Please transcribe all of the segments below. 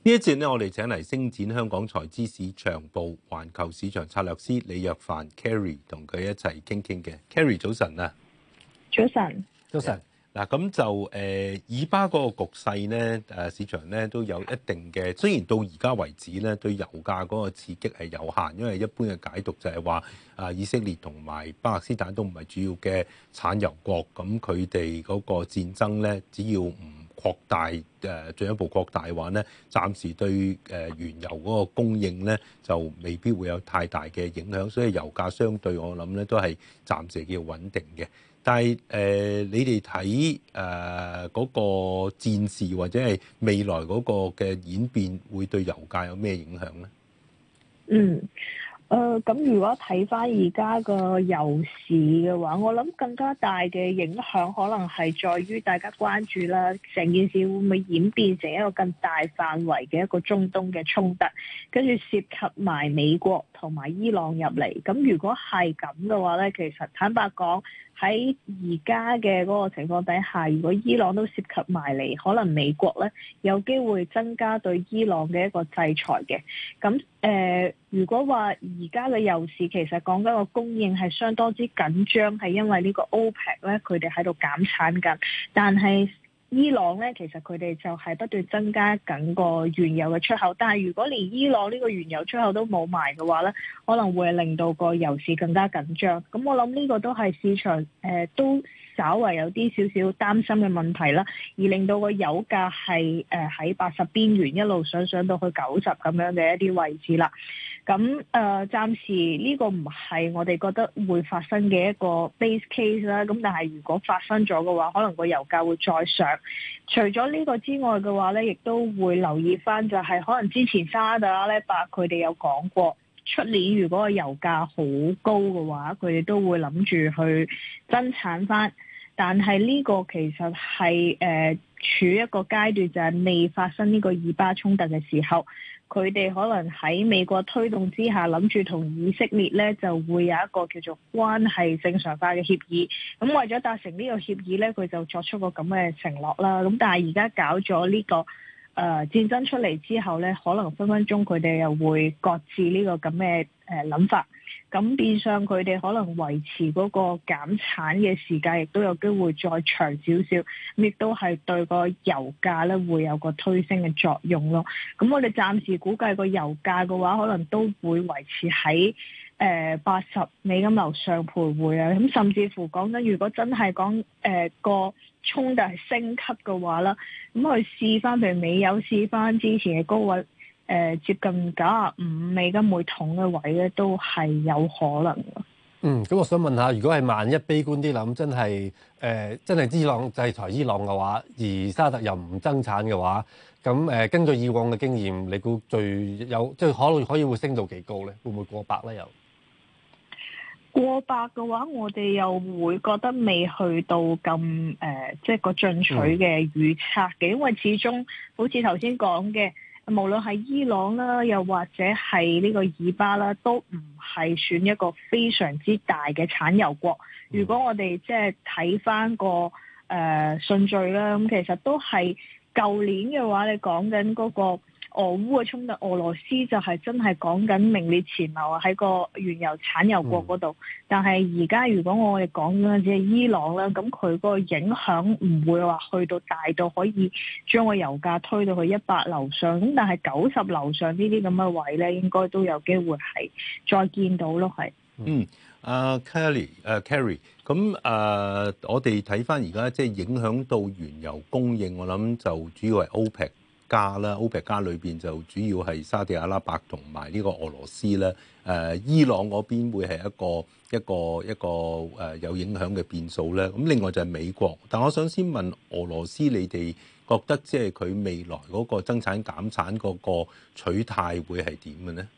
一節呢一節咧，我哋請嚟星展香港財資市場部環球市場策略師李若凡 Carry，同佢一齊傾傾嘅。Carry 早晨啊，早晨安，早晨安。嗱，咁就誒、呃，以巴嗰個局勢呢，誒、啊，市場呢都有一定嘅。雖然到而家為止呢，對油價嗰個刺激係有限，因為一般嘅解讀就係話，啊，以色列同埋巴勒斯坦都唔係主要嘅產油國，咁佢哋嗰個戰爭呢，只要唔擴大，誒，進一步擴大嘅話咧，暫時對誒，原油嗰個供應咧就未必會有太大嘅影響，所以油價相對我諗咧都係暫時叫穩定嘅。但係誒、呃，你哋睇誒嗰個戰事或者係未來嗰個嘅演變，會對油價有咩影響咧？嗯。誒咁，呃，如果睇翻而家個油市嘅話，我諗更加大嘅影響可能係在於大家關注啦，成件事會唔會演變成一個更大範圍嘅一個中東嘅衝突，跟住涉及埋美國，同埋伊朗入嚟，咁如果係咁嘅話呢，其實坦白講喺而家嘅嗰個情況底下，如果伊朗都涉及埋嚟，可能美國呢有機會增加對伊朗嘅一個制裁嘅。咁、嗯、誒、呃，如果話而家嘅油市其實講緊個供應係相當之緊張，係因為個呢個 OPEC 佢哋喺度減產緊，但係，伊朗咧，其實佢哋就係不斷增加緊個原油嘅出口，但係如果連伊朗呢個原油出口都冇埋嘅話咧，可能會令到個油市更加緊張。咁我諗呢個都係市場誒、呃、都稍為有啲少少擔心嘅問題啦，而令到個油價係誒喺八十邊緣一路上上到去九十咁樣嘅一啲位置啦。咁、嗯、誒、呃，暫時呢個唔係我哋覺得會發生嘅一個 base case 啦。咁但係如果發生咗嘅話，可能個油價會再上。除咗呢個之外嘅話呢，亦都會留意翻、就係，就係可能之前沙特阿拉伯佢哋有講過，出年如果個油價好高嘅話，佢哋都會諗住去增產翻。但係呢個其實係誒、呃、處一個階段，就係未發生呢個以巴衝突嘅時候，佢哋可能喺美國推動之下，諗住同以色列呢就會有一個叫做關係正常化嘅協議。咁為咗達成呢個協議呢，佢就作出個咁嘅承諾啦。咁但係而家搞咗呢、呢個誒、呃、戰爭出嚟之後呢，可能分分鐘佢哋又會擱置呢個咁嘅誒諗法。咁變相佢哋可能維持嗰個減產嘅時間，亦都有機會再長少少，亦都係對個油價咧會有個推升嘅作用咯。咁我哋暫時估計個油價嘅話，可能都會維持喺誒八十美金樓上徘徊啊。咁甚至乎講緊，如果真係講誒個衝突係升級嘅話啦，咁去試翻譬如美油試翻之前嘅高位。誒，接近九十五美金每桶嘅位咧，都係有可能嗯。咁我想問下，如果係萬一悲觀啲諗，真係誒、呃，真係伊朗制裁伊朗嘅話，而沙特又唔增產嘅話，咁誒、呃，根據以往嘅經驗，你估最有即係、就是、可能可以會升到幾高咧？會唔會過百咧？又過百嘅話，我哋又會覺得未去到咁誒，即、呃、係、就是、個進取嘅預測嘅，嗯、因為始終好似頭先講嘅。無論係伊朗啦，又或者係呢個以巴啦，都唔係算一個非常之大嘅產油國。如果我哋即係睇翻個誒順序啦，咁、呃、其實都係舊年嘅話，你講緊嗰個俄烏嘅衝突，俄羅斯就係真係講緊名列前茅啊，喺個原油產油國嗰度。但係而家如果我哋講緊，即係伊朗咧，咁佢個影響唔會話去到大到可以將個油價推到去一百樓上。咁但係九十樓上呢啲咁嘅位咧，應該都有機會係再見到咯。係。嗯，阿 Kelly，誒 Carry，咁誒我哋睇返而家即係影響到原油供應，我諗就主要係 OPEC。加啦，OPEC 加裏邊就主要係沙特阿拉伯同埋呢個俄羅斯咧。誒、啊，伊朗嗰邊會係一個一個一個誒有影響嘅變數咧。咁另外就係美國，但我想先問俄羅斯，你哋覺得即係佢未來嗰個增產減產嗰個取態會係點嘅呢？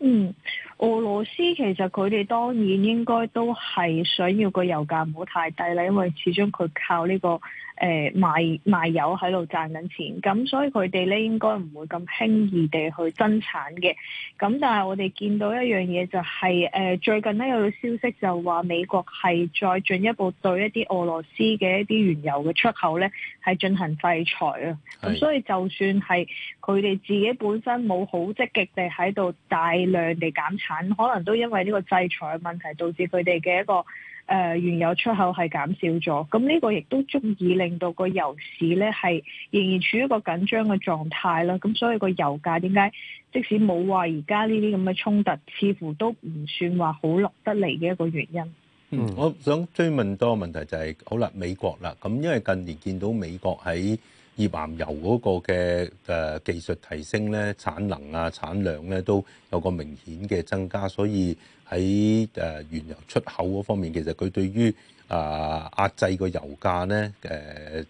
嗯。俄羅斯其實佢哋當然應該都係想要個油價唔好太低啦，因為始終佢靠呢、這個誒、呃、賣賣油喺度賺緊錢，咁所以佢哋咧應該唔會咁輕易地去增產嘅。咁但係我哋見到一樣嘢就係、是、誒、呃、最近呢有個消息就話美國係再進一步對一啲俄羅斯嘅一啲原油嘅出口咧係進行制裁啊。咁所以就算係佢哋自己本身冇好積極地喺度大量地減。可能都因為呢個制裁問題導致佢哋嘅一個誒、呃、原油出口係減少咗，咁呢個亦都足以令到個油市咧係仍然處於一個緊張嘅狀態啦。咁所以個油價點解即使冇話而家呢啲咁嘅衝突，似乎都唔算話好落得嚟嘅一個原因。嗯，我想追問多個問題就係、是，好啦，美國啦，咁因為近年見到美國喺。頁岩油嗰個嘅誒技術提升咧，產能啊、產量咧都有個明顯嘅增加，所以喺誒原油出口嗰方面，其實佢對於啊壓制個油價咧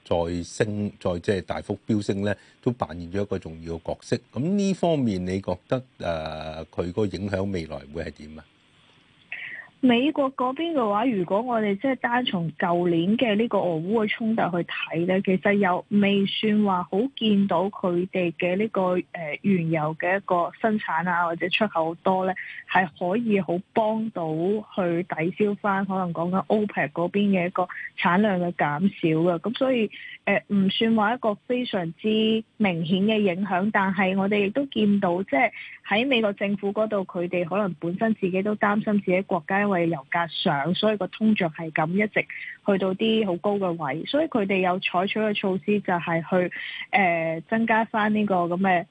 誒再升再即係大幅飆升咧，都扮演咗一個重要嘅角色。咁呢方面，你覺得誒佢個影響未來會係點啊？美國嗰邊嘅話，如果我哋即係單從舊年嘅呢個俄烏嘅衝突去睇咧，其實又未算話好見到佢哋嘅呢個誒原油嘅一個生產啊或者出口多咧，係可以好幫到去抵消返可能講緊 OPEC 嗰邊嘅一個產量嘅減少嘅，咁所以誒唔、呃、算話一個非常之明顯嘅影響，但係我哋亦都見到即係喺美國政府嗰度，佢哋可能本身自己都擔心自己國家。因為油價上，所以個通脹係咁一直去到啲好高嘅位，所以佢哋有採取嘅措施就係去誒、呃、增加翻呢、呢個咁嘅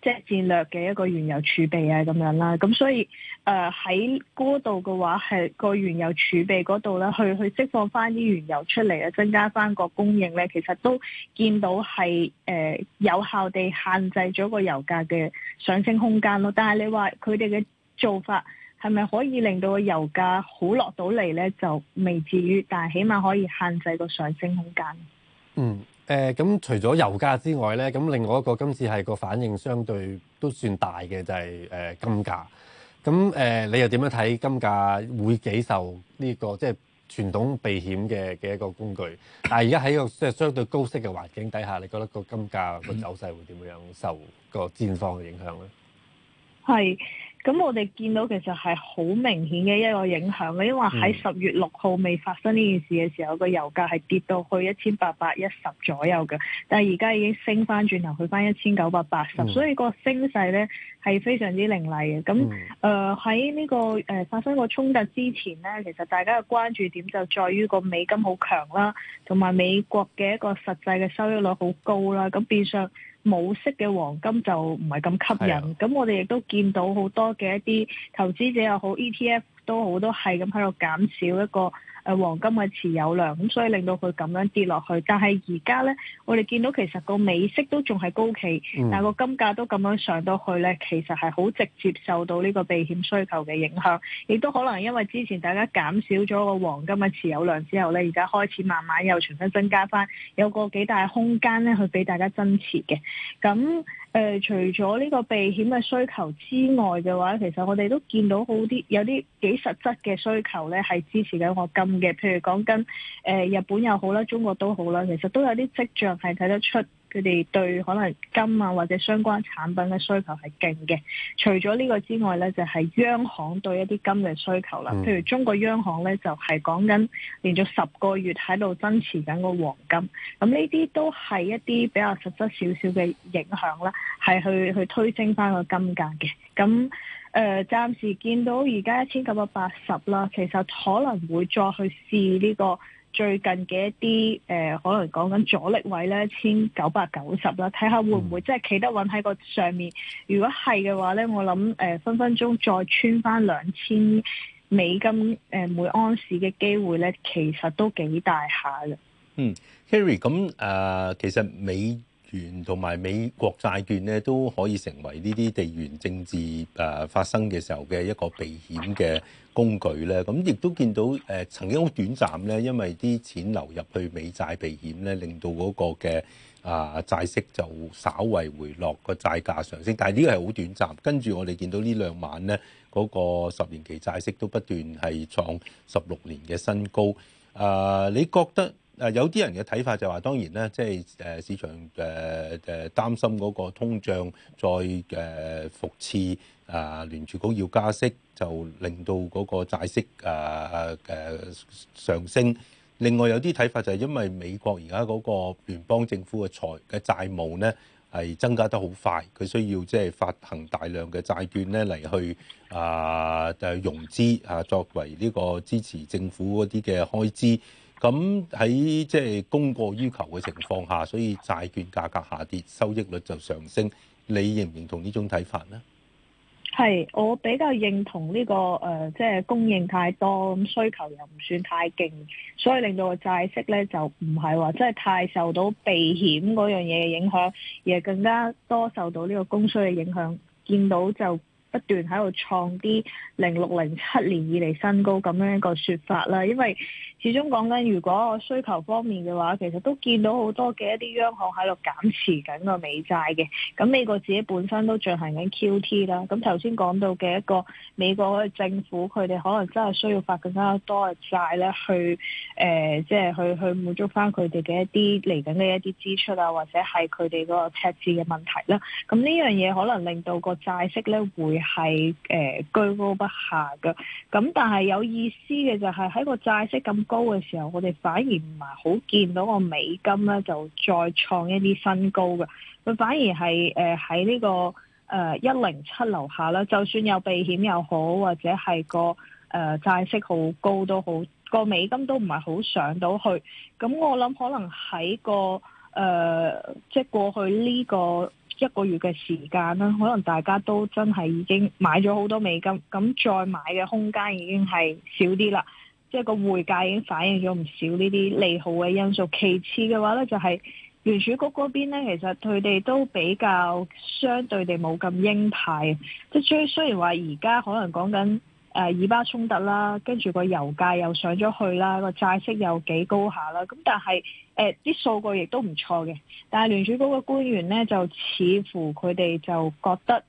即係戰略嘅一個原油儲備啊，咁樣啦。咁所以誒喺嗰度嘅話，係個原油儲備嗰度咧，去去釋放翻啲原油出嚟啊，增加翻個供應咧，其實都見到係誒、呃、有效地限制咗個油價嘅上升空間咯。但係你話佢哋嘅做法係咪可以令到個油價好落到嚟咧？就未至於，但係起碼可以限制個上升空間，嗯呃。嗯，誒，咁除咗油價之外咧，咁、嗯、另外一個今次係個反應相對都算大嘅，就係、是、誒、呃、金價。咁、嗯、誒、呃，你又點樣睇金價會幾受呢、這個即係傳統避險嘅嘅一個工具？但係而家喺個即係相對高息嘅環境底下，你覺得個金價個走勢會點樣受個戰況嘅影響咧？係。咁我哋見到其實係好明顯嘅一個影響，因為喺十月六號未發生呢件事嘅時候，個、嗯、油價係跌到去一千八百一十左右嘅，但係而家已經升返轉頭去返一千九百八十，所以個升勢呢係非常之凌厲嘅。咁誒喺呢個誒、呃、發生個衝突之前呢，其實大家嘅關注點就在於個美金好強啦，同埋美國嘅一個實際嘅收益率好高啦，咁變相，冇息嘅黃金就唔係咁吸引，咁的我哋亦都見到多好多嘅一啲投資者又好 ETF 都好多係咁喺度減少一個，誒、黃金嘅持有量，咁所以令到佢咁樣跌落去。但係而家呢，我哋見到其實個美息都仲係高企，但係個金價都咁樣上到去呢，其實係好直接受到呢個避險需求嘅影響，亦都可能因為之前大家減少咗個黃金嘅持有量之後呢，而家開始慢慢又重新增加翻，有個幾大空間呢去俾大家增持嘅。咁誒、呃，除咗呢個避險嘅需求之外嘅話，其實我哋都見到好啲，有啲幾實質嘅需求咧，係支持緊個金嘅。譬如講緊誒，日本又好啦，中國都好啦，其實都有啲跡象係睇得出。佢哋對可能金啊或者相關產品嘅需求係勁嘅。除咗呢個之外呢就係、是、央行對一啲金嘅需求啦。譬如中國央行呢，就係講緊連續十個月喺度增持緊個黃金。咁呢啲都係一啲比較實質少少嘅影響啦，係去去推升返個金價嘅。咁誒、呃，暫時見到而家一千九百八十啦。其實可能會再去試呢、這個。最近嘅一啲誒、呃，可能講緊阻力位咧，一千九百九十啦，睇下會唔會即係企得穩喺個上面。如果係嘅話咧，我諗誒、呃、分分鐘再穿翻兩千美金誒每盎司嘅機會咧，其實都幾大下嘅。嗯，Harry 咁誒、呃，其實美元同埋美國債券咧都可以成為呢啲地緣政治誒、呃、發生嘅時候嘅一個避險嘅工具咧，咁亦都見到誒、呃、曾經好短暫咧，因為啲錢流入去美債避險咧，令到嗰個嘅啊、呃、債息就稍微回落，個債價上升，但係呢個係好短暫，跟住我哋見到呢兩晚咧嗰、嗰個十年期債息都不斷係創十六年嘅新高，啊、呃，你覺得？誒有啲人嘅睇法就話，當然咧，即係誒市場誒誒擔心嗰個通脹再誒復熾，啊聯儲局要加息，就令到嗰個債息啊誒、啊、上升。另外有啲睇法就係因為美國而家嗰個聯邦政府嘅財嘅債務咧係增加得好快，佢需要即係發行大量嘅債券咧嚟去啊誒融資啊，作為呢個支持政府嗰啲嘅開支。咁喺即係供過於求嘅情況下，所以債券價格下跌，收益率就上升。你認唔認同呢種睇法咧？係我比較認同呢個誒即係供應太多，咁需求又唔算太勁，所以令到個債息咧就唔係話真係太受到避險嗰樣嘢嘅影響，而係更加多受到呢個供需嘅影響，見到就不斷喺度創啲零六零七年以嚟新高咁樣一個說法啦，因為。始終講緊，如果需求方面嘅話，其實都見到好多嘅一啲央行喺度減持緊個美債嘅。咁美國自己本身都進行緊 QT 啦。咁頭先講到嘅一個美國嘅政府，佢哋可能真係需要發更加多嘅債咧，去誒，即係去去滿足翻佢哋嘅一啲嚟緊嘅一啲支出啊，或者係佢哋嗰個赤字嘅問題啦。咁呢樣嘢可能令到個債息咧會係誒、呃、居高不下㗎。咁但係有意思嘅就係喺個債息咁，高嘅時候，我哋反而唔係好見到個美金咧，就再創一啲新高嘅。佢反而係誒喺呢個誒一零七樓下啦。就算有避險又好，或者係個誒、呃、債息好高都好，個美金都唔係好上到去。咁我諗可能喺個誒即係過去呢個一個月嘅時間啦，可能大家都真係已經買咗好多美金，咁再買嘅空間已經係少啲啦。即係個匯價已經反映咗唔少呢啲利好嘅因素。其次嘅話呢，就係、是、聯儲局嗰邊呢，其實佢哋都比較相對地冇咁鷹派。即係雖然話而家可能講緊誒以巴衝突啦，跟住個油價又上咗去啦，個債息又幾高下啦。咁但係誒啲數據亦都唔錯嘅。但係聯儲局個官員呢，就似乎佢哋就覺得。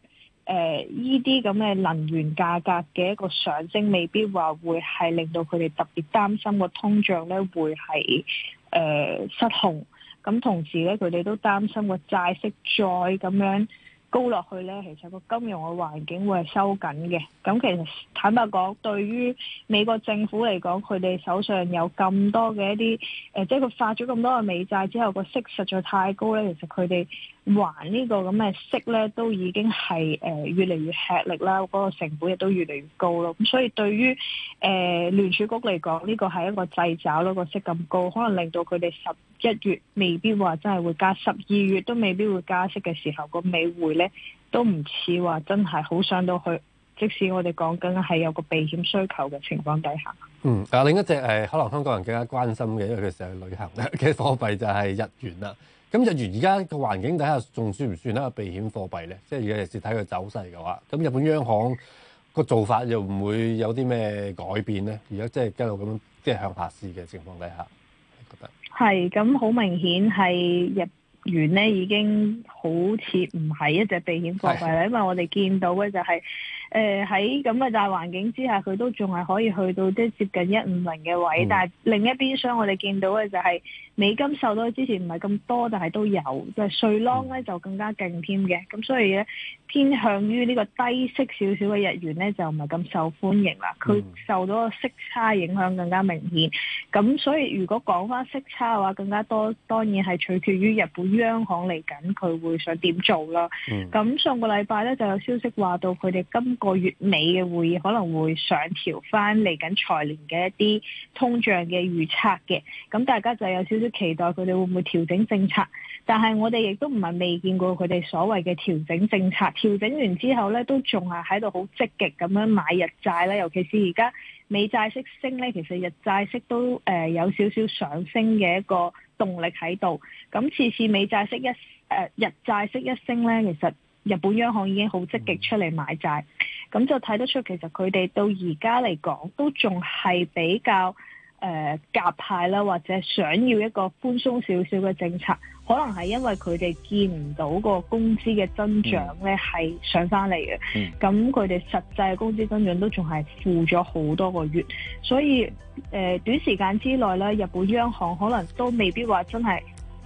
誒呢啲咁嘅能源價格嘅一個上升，未必話會係令到佢哋特別擔心個通脹咧，會係誒、呃、失控。咁同時咧，佢哋都擔心個債息再咁樣高落去咧，其實個金融嘅環境會係收緊嘅。咁其實坦白講，對於美國政府嚟講，佢哋手上有咁多嘅一啲誒、呃，即係佢發咗咁多嘅美債之後，個息實在太高咧，其實佢哋。還呢個咁嘅息呢，都已經係誒、呃、越嚟越吃力啦，嗰、那個成本亦都越嚟越高咯。咁所以對於誒、呃、聯儲局嚟講，呢、這個係一個掣肘咯。個息咁高，可能令到佢哋十一月未必話真係會加，十二月都未必會加息嘅時候，個美匯呢都唔似話真係好上到去。即使我哋講緊係有個避險需求嘅情況底下，嗯，啊另一隻係可能香港人更加關心嘅，因為佢成日旅行嘅貨幣就係日元啦。咁就如而家個環境底下仲算唔算一個避險貨幣咧？即係係尤其是睇佢走勢嘅話，咁日本央行個做法又唔會有啲咩改變咧？而家即係一路咁樣，即係向下試嘅情況底下，我覺得係咁好明顯。係日元咧已經好似唔係一隻避險貨幣啦，的因為我哋見到咧就係、是。誒喺咁嘅大環境之下，佢都仲係可以去到即係接近一五零嘅位，嗯、但係另一邊廂我哋見到嘅就係、是、美金受到之前唔係咁多，但係都有，就係瑞郎咧就更加勁添嘅。咁所以咧，偏向於呢個低息少少嘅日元咧就唔係咁受歡迎啦。佢受到個息差影響更加明顯。咁所以如果講翻息差嘅話，更加多當然係取決於日本央行嚟緊佢會想點做啦。咁、嗯、上個禮拜咧就有消息話到佢哋今個月尾嘅會議可能會上調翻嚟緊財年嘅一啲通脹嘅預測嘅，咁大家就有少少期待佢哋會唔會調整政策。但係我哋亦都唔係未見過佢哋所謂嘅調整政策，調整完之後呢，都仲係喺度好積極咁樣買日債呢，尤其是而家美債息升呢，其實日債息都誒有少少上升嘅一個動力喺度。咁次次美債息一誒、呃、日債息一升呢，其實。日本央行已經好積極出嚟買債，咁、嗯、就睇得出其實佢哋到而家嚟講，都仲係比較誒夾、呃、派啦，或者想要一個寬鬆少少嘅政策，可能係因為佢哋見唔到個工資嘅增長咧係、嗯、上返嚟嘅，咁佢哋實際嘅工資增長都仲係負咗好多個月，所以誒、呃、短時間之內咧，日本央行可能都未必話真係。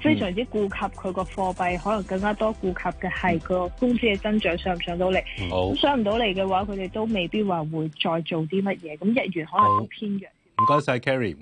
非常之顧及佢個貨幣，可能更加多顧及嘅係佢個工資嘅增長上唔上到嚟。咁好上唔到嚟嘅話，佢哋都未必話會再做啲乜嘢。咁日元可能都偏弱。唔該晒 Carrie 唔該。謝謝。